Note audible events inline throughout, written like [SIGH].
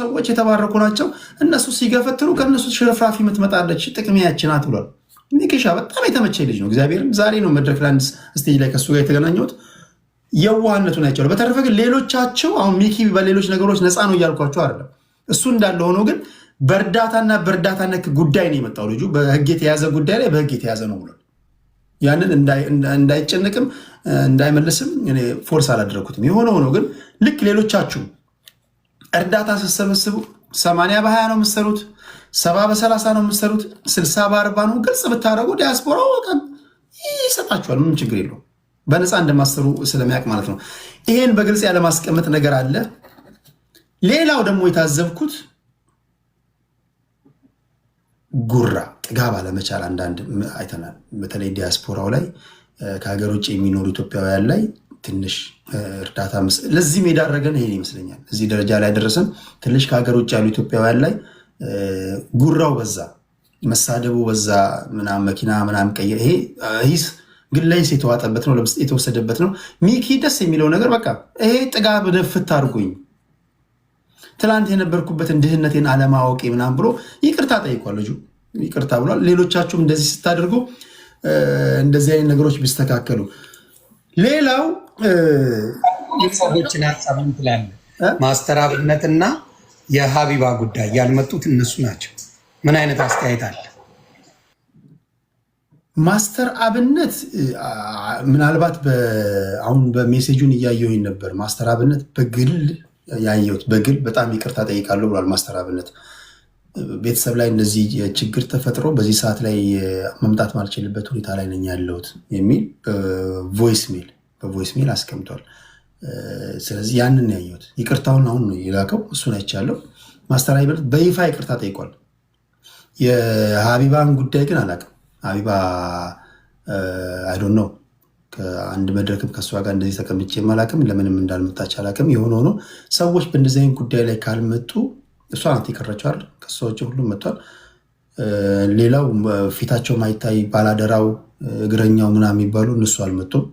ሰዎች የተባረኩ ናቸው። እነሱ ሲገፈትሩ ከእነሱ ሽርፍራፊ የምትመጣለች ጥቅሜ ያች ናት ብሏል። ሚኬሻ በጣም የተመቸ ልጅ ነው። እግዚአብሔርም ዛሬ ነው መድረክ ላንድ ስቴጅ ላይ ከሱ ጋር የተገናኘሁት የዋህነቱን አይቻለሁ። በተረፈ ግን ሌሎቻቸው አሁን ሚኪ በሌሎች ነገሮች ነፃ ነው እያልኳቸው አይደለም። እሱ እንዳለ ሆኖ ግን በእርዳታና በእርዳታ ነክ ጉዳይ ነው የመጣው ልጁ በህግ የተያዘ ጉዳይ ላይ በህግ የተያዘ ነው ብሏል። ያንን እንዳይጨንቅም እንዳይመልስም ፎርስ አላደረኩትም። የሆነ ሆኖ ግን ልክ ሌሎቻችሁ እርዳታ ስትሰበስቡ ሰማንያ በሀያ ነው የምትሰሩት፣ ሰባ በሰላሳ ነው የምትሰሩት፣ ስልሳ በአርባ ነው። ግልጽ ብታደረጉ ዲያስፖራ ቀን ይሰጣችኋል። ምንም ችግር የለው። በነፃ እንደማሰሩ ስለሚያውቅ ማለት ነው። ይሄን በግልጽ ያለማስቀመጥ ነገር አለ። ሌላው ደግሞ የታዘብኩት ጉራ ጥጋብ አለመቻል አንዳንድ አይተናል። በተለይ ዲያስፖራው ላይ ከሀገር ውጭ የሚኖሩ ኢትዮጵያውያን ላይ ትንሽ እርዳታ ለዚህም የዳረገን ይሄ ይመስለኛል። እዚህ ደረጃ ላይ ደረሰን። ትንሽ ከሀገር ውጭ ያሉ ኢትዮጵያውያን ላይ ጉራው በዛ፣ መሳደቡ በዛ፣ ምናምን መኪና ምናም ቀየር። ይሄ ሂስ ግለሂስ የተዋጠበት ነው፣ የተወሰደበት ነው። ሚኪ ደስ የሚለው ነገር በቃ ይሄ ጥጋብ ደፍት አድርጎኝ ትላንት የነበርኩበትን ድህነቴን አለማወቄ ምናም ብሎ ይቅርታ ጠይቋል። ልጁ ይቅርታ ብሏል። ሌሎቻችሁም እንደዚህ ስታደርጉ እንደዚህ አይነት ነገሮች ቢስተካከሉ ሌላው ሰዎችን ሀሳብ ትላለህ። ማስተር አብነትና የሀቢባ ጉዳይ ያልመጡት እነሱ ናቸው። ምን አይነት አስተያየት አለ? ማስተር አብነት ምናልባት አሁን በሜሴጁን እያየሁኝ ነበር። ማስተር አብነት በግል ያየሁት በግል በጣም ይቅርታ ጠይቃለሁ ብሏል። ማስተር አብነት ቤተሰብ ላይ እንደዚህ ችግር ተፈጥሮ በዚህ ሰዓት ላይ መምጣት ማልችልበት ሁኔታ ላይ ነኝ ያለሁት የሚል ቮይስ ሜል በቮይስ ሜል አስቀምጧል። ስለዚህ ያንን ያየሁት ይቅርታውን አሁን ነው የላከው፣ እሱን አይቻለሁ። ማስተር ሀይበርት በይፋ ይቅርታ ጠይቋል። የሀቢባን ጉዳይ ግን አላውቅም። ሀቢባ አይዶን ነው ከአንድ መድረክም ከእሷ ጋር እንደዚህ ተቀምቼ አላውቅም፣ ለምንም እንዳልመጣች አላውቅም። የሆነ ሆኖ ሰዎች በእንደዚህ አይነት ጉዳይ ላይ ካልመጡ እሷ ናት የቀረችዋል። ከእሷ ውጭ ሁሉም መጥቷል። ሌላው ፊታቸው ማይታይ ባላደራው፣ እግረኛው ምና የሚባሉ እነሱ አልመጡም።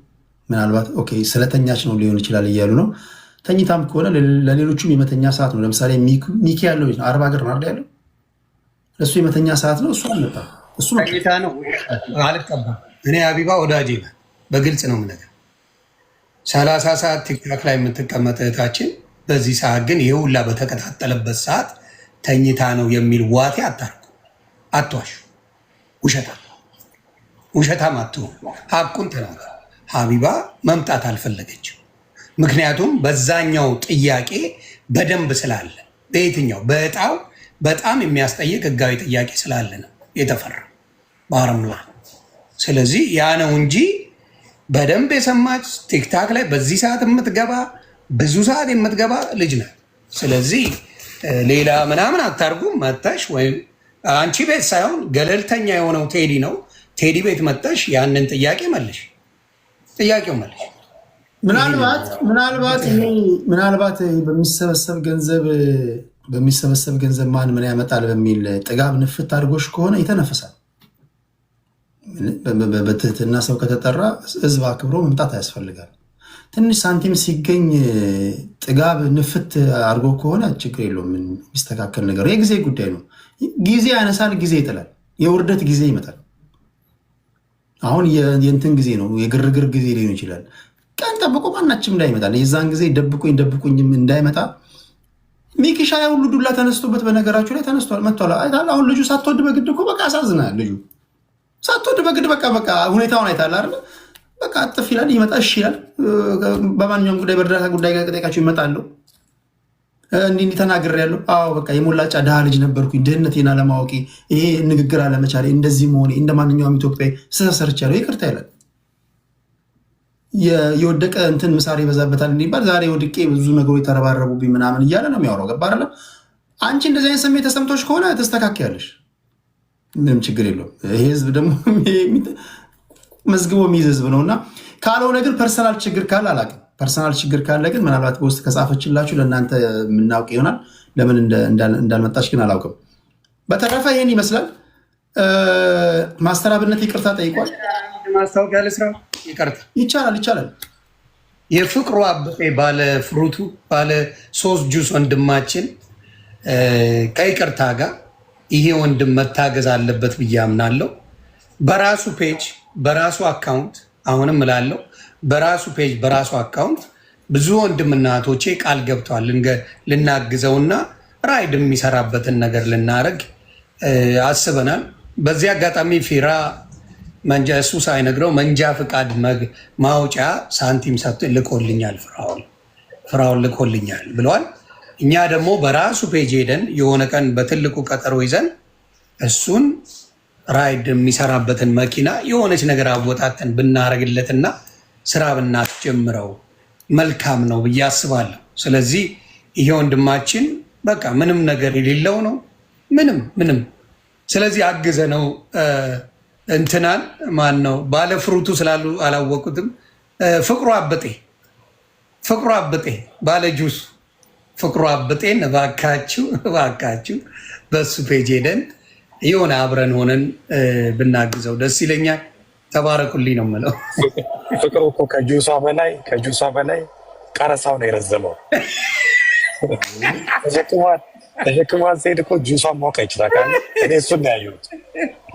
ምናልባት ኦኬ ስለተኛች ነው ሊሆን ይችላል እያሉ ነው። ተኝታም ከሆነ ለሌሎቹም የመተኛ ሰዓት ነው። ለምሳሌ ሚኪ ያለው አርባ ሀገር ነው ያለው ለእሱ የመተኛ ሰዓት ነው። እሱ አልመጣም። እሱ ተኝታ ነው አልቀባም። እኔ አቢባ ወዳጄ በግልጽ ነው ምነገር ሰላሳ ሰዓት ቲክታክ ላይ የምትቀመጥ እህታችን በዚህ ሰዓት ግን ይሄ ሁላ በተቀጣጠለበት ሰዓት ተኝታ ነው የሚል ዋቴ አታርቁ፣ አትዋሹ። ውሸታም ውሸታም አትሆኑ፣ ሀቁን ተናገሩ። ሀቢባ መምጣት አልፈለገችም። ምክንያቱም በዛኛው ጥያቄ በደንብ ስላለ በየትኛው በእጣው በጣም የሚያስጠይቅ ህጋዊ ጥያቄ ስላለ ነው የተፈራ በአረምላ። ስለዚህ ያ ነው እንጂ በደንብ የሰማች ቲክታክ ላይ በዚህ ሰዓት የምትገባ ብዙ ሰዓት የምትገባ ልጅ ናት። ስለዚህ ሌላ ምናምን አታርጉም። መተሽ ወይም አንቺ ቤት ሳይሆን ገለልተኛ የሆነው ቴዲ ነው። ቴዲ ቤት መተሽ ያንን ጥያቄ መልሽ፣ ጥያቄው መልሽ። ምናልባት ምናልባት ምናልባት በሚሰበሰብ ገንዘብ በሚሰበሰብ ገንዘብ ማን ምን ያመጣል በሚል ጥጋብ ንፍት አድርጎሽ ከሆነ ይተነፈሳል። በትህትና ሰው ከተጠራ ህዝብ አክብሮ መምጣት ያስፈልጋል። ትንሽ ሳንቲም ሲገኝ ጥጋብ ንፍት አድርጎ ከሆነ ችግር የለውም የሚስተካከል ነገር የጊዜ ጉዳይ ነው። ጊዜ ያነሳል፣ ጊዜ ይጥላል፣ የውርደት ጊዜ ይመጣል። አሁን የእንትን ጊዜ ነው፣ የግርግር ጊዜ ሊሆን ይችላል። ቀን ጠብቆ ማናችም እንዳይመጣል የዛን ጊዜ ደብቁኝ ደብቁኝም እንዳይመጣ ሚኪሻ ሁሉ ዱላ ተነስቶበት በነገራችሁ ላይ ተነስቷል፣ መጥቷል። አሁን ልጁ ሳትወድ በግድ እኮ በቃ አሳዝናል። ልጁ ሳትወድ በግድ በቃ በቃ ሁኔታውን አይታል አይደል በቃ አጥፍ ይላል ይመጣ እሺ ይላል። በማንኛውም ጉዳይ በእርዳታ ጉዳይ ጋር ጠይቃቸው ይመጣሉ። እንዲህ እንዲህ ያለው አዎ በቃ የሞላጫ ድሃ ልጅ ነበርኩኝ። ድህነቴን አለማወቄ፣ ይሄ ንግግር አለመቻሌ፣ እንደዚህ መሆኔ እንደ ማንኛውም ኢትዮጵያ ስህተት ያለው ይቅርታ ይላል። የወደቀ እንትን ምሳሌ ይበዛበታል እንዲባል ዛሬ ወድቄ ብዙ ነገሮች ተረባረቡብኝ ምናምን እያለ ነው የሚያወራው። ገባ አይደለም? አንቺ እንደዚህ አይነት ስሜት ተሰምቶች ከሆነ ተስተካክያለሽ፣ ምንም ችግር የለውም። ይሄ ህዝብ ደግሞ [LAUGHS] መዝግቦ የሚይዝ ህዝብ ነው እና ካልሆነ ግን ፐርሰናል ችግር ካለ አላውቅም። ፐርሰናል ችግር ካለ ግን ምናልባት በውስጥ ከጻፈችላችሁ ለእናንተ የምናውቅ ይሆናል። ለምን እንዳልመጣች ግን አላውቅም። በተረፈ ይህን ይመስላል። ማስተራብነት ይቅርታ ጠይቋል። ማስታወቂያ ለስራ ይቅርታ ይቻላል ይቻላል። የፍቅሩ አበበ ባለ ፍሩቱ ባለ ሶስት ጁስ ወንድማችን ከይቅርታ ጋር ይሄ ወንድም መታገዝ አለበት ብዬ አምናለሁ በራሱ ፔጅ በራሱ አካውንት አሁንም እላለሁ በራሱ ፔጅ በራሱ አካውንት ብዙ ወንድምና እህቶቼ ቃል ገብተዋል ልናግዘውና ራይድ የሚሰራበትን ነገር ልናደርግ አስበናል። በዚህ አጋጣሚ ፊራ መንጃ እሱ ሳይነግረው መንጃ ፍቃድ ማውጫ ሳንቲም ሰጥቶ ልኮልኛል፣ ፍራውን ፍራውን ልኮልኛል ብለዋል። እኛ ደግሞ በራሱ ፔጅ ሄደን የሆነ ቀን በትልቁ ቀጠሮ ይዘን እሱን ራይድ የሚሰራበትን መኪና የሆነች ነገር አወጣጠን ብናረግለትና ስራ ብናስጀምረው መልካም ነው ብዬ አስባለሁ። ስለዚህ ይሄ ወንድማችን በቃ ምንም ነገር የሌለው ነው። ምንም ምንም። ስለዚህ አግዘ ነው እንትናን ማን ነው ባለፍሩቱ ስላሉ አላወቁትም። ፍቅሩ አብጤ ፍቅሩ አብጤ ባለ ጁስ ፍቅሩ አብጤን እባካችሁ እባካችሁ በሱ ፔጅ ሄደን የሆነ አብረን ሆነን ብናግዘው ደስ ይለኛል። ተባረኩልኝ ነው የምለው። ፍቅሩ እኮ ከጁሷ በላይ ከጁሷ በላይ ቀረሳው ነው የረዘመው። ተሸክሟን ሴት እኮ ጁሷን ሞቀ ይችላል። እኔ እሱን ነው ያየሁት።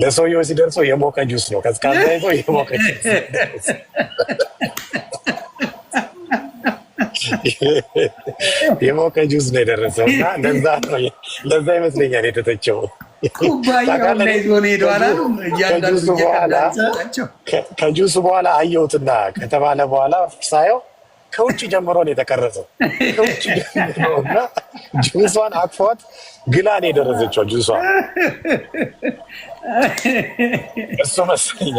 ለሰውየው ሲደርሰው የሞቀ ጁስ ነው ከስካዛ ይዞ የሞቀ የሞቀ ጁስ ነው የደረሰው እና ለዛ ይመስለኛል የተተቸው ከጁስ በኋላ አየሁትና ከተባለ በኋላ ሳየው ከውጭ ጀምሮ ነው የተቀረጸው። ከውጭ ጀምሮ ጁሷን አቅፏት ግላን ነው የደረሰችው። ጁሷን እሱ መሰለኝ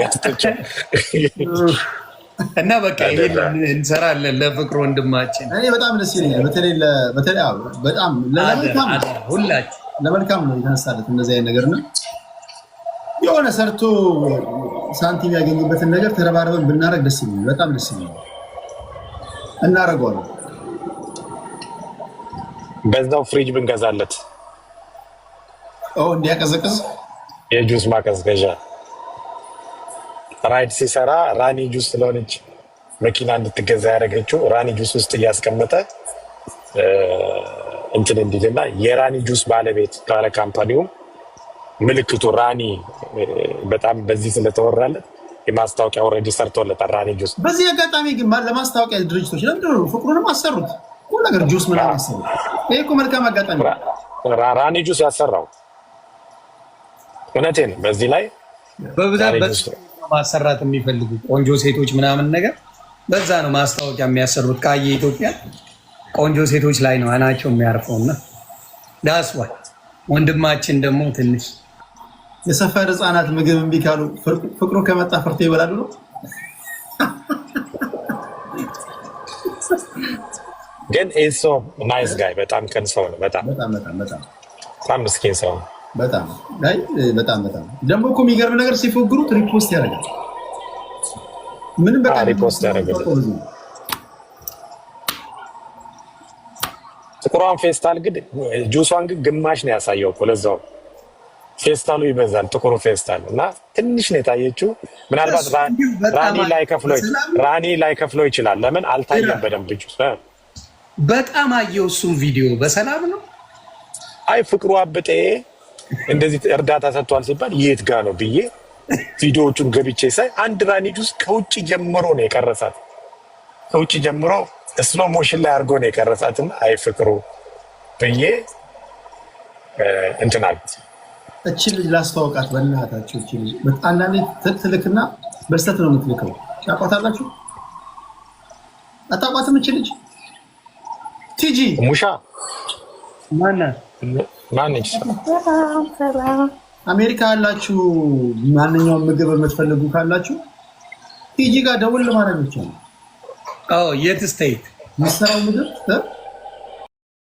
እና በቃ ይሄን እንሰራለን ለፍቅር ወንድማችን በጣም ደስ ይለኛል። በተለይ በጣም ሁላችን ለመልካም ነው የተነሳለት እንደዚህ አይነት ነገር እና የሆነ ሰርቶ ሳንቲም ያገኝበትን ነገር ተረባርበን ብናደርግ ደስ ይለኛል። በጣም ደስ ይለኛል። እናደርገዋለን። በዛው ፍሪጅ ብንገዛለት እንዲያቀዘቅዝ የጁስ ማቀዝቀዣ ራይድ ሲሰራ ራኒ ጁስ ስለሆነች መኪና እንድትገዛ ያደረገችው ራኒ ጁስ ውስጥ እያስቀመጠ እንትን እንዲልና የራኒ ጁስ ባለቤት ካለ ካምፓኒው ምልክቱ ራኒ በጣም በዚህ ስለተወራለት የማስታወቂያ ኦልሬዲ ሰርቶለታል። ራኒ ጁስ በዚህ አጋጣሚ ግን ለማስታወቂያ ድርጅቶች ለምንድን ነው ፍቅሩንም አሰሩት? ሁሉ ነገር ጁስ ምን አሰሩት። ይሄ እኮ መልካም አጋጣሚ ራኒ ጁስ ያሰራው እውነቴ ነው። በዚህ ላይ በብዛት ማሰራት የሚፈልጉ ቆንጆ ሴቶች ምናምን ነገር በዛ ነው ማስታወቂያ የሚያሰሩት ከአየ ኢትዮጵያ ቆንጆ ሴቶች ላይ ነው አይናቸው የሚያርፈው እና ዳስዋል ወንድማችን ደግሞ ትንሽ የሰፈር ህፃናት ምግብ እምቢ ካሉ ፍቅሩ ከመጣ ፍርቴ ይበላሉ ነው። ግን ኤሶ ናይስ ጋይ በጣም ቀን ሰው ነው። በጣም ምስኪን ሰው ነው። በጣም በጣም ደግሞ እኮ የሚገርም ነገር ሲፎግሩት ሪፖስት ያደርጋል። ምንም በጣም ሪፖስት ያደርጋል። ጥቁሯን ፌስታል ግን ጁሷን ግን ግማሽ ነው ያሳየው እኮ ለዛው ፌስታሉ ይበዛል። ጥቁሩ ፌስታል እና ትንሽ ነው የታየችው። ምናልባት ራኒ ላይ ከፍሎ ይችላል። ለምን አልታየም በደንብ በጣም አየው። እሱም ቪዲዮ በሰላም ነው። አይ ፍቅሩ አብጤ እንደዚህ እርዳታ ሰጥቷል ሲባል የት ጋ ነው ብዬ ቪዲዮዎቹን ገብቼ ሳይ አንድ ራኒ ጁስ ከውጭ ጀምሮ ነው የቀረሳት ከውጭ ጀምሮ ስሎ ሞሽን ላይ አድርጎ ነው የቀረጻትና አይ ፍቅሩ ብዬ እንትን አልኩት። እቺ ልጅ ላስተዋውቃት በእናታችሁ። እቺ ልጅ አንዳንዴ ትልክና በስተት ነው የምትልከው። ታቋታላችሁ? አታቋትም? እቺ ልጅ ቲጂ ሙሻ ማነች? አሜሪካ ያላችሁ ማንኛውም ምግብ የምትፈልጉ ካላችሁ ቲጂ ጋር ደውል ለማድረግ ይቻላል። የት ስቴት የሚሰራው ምድር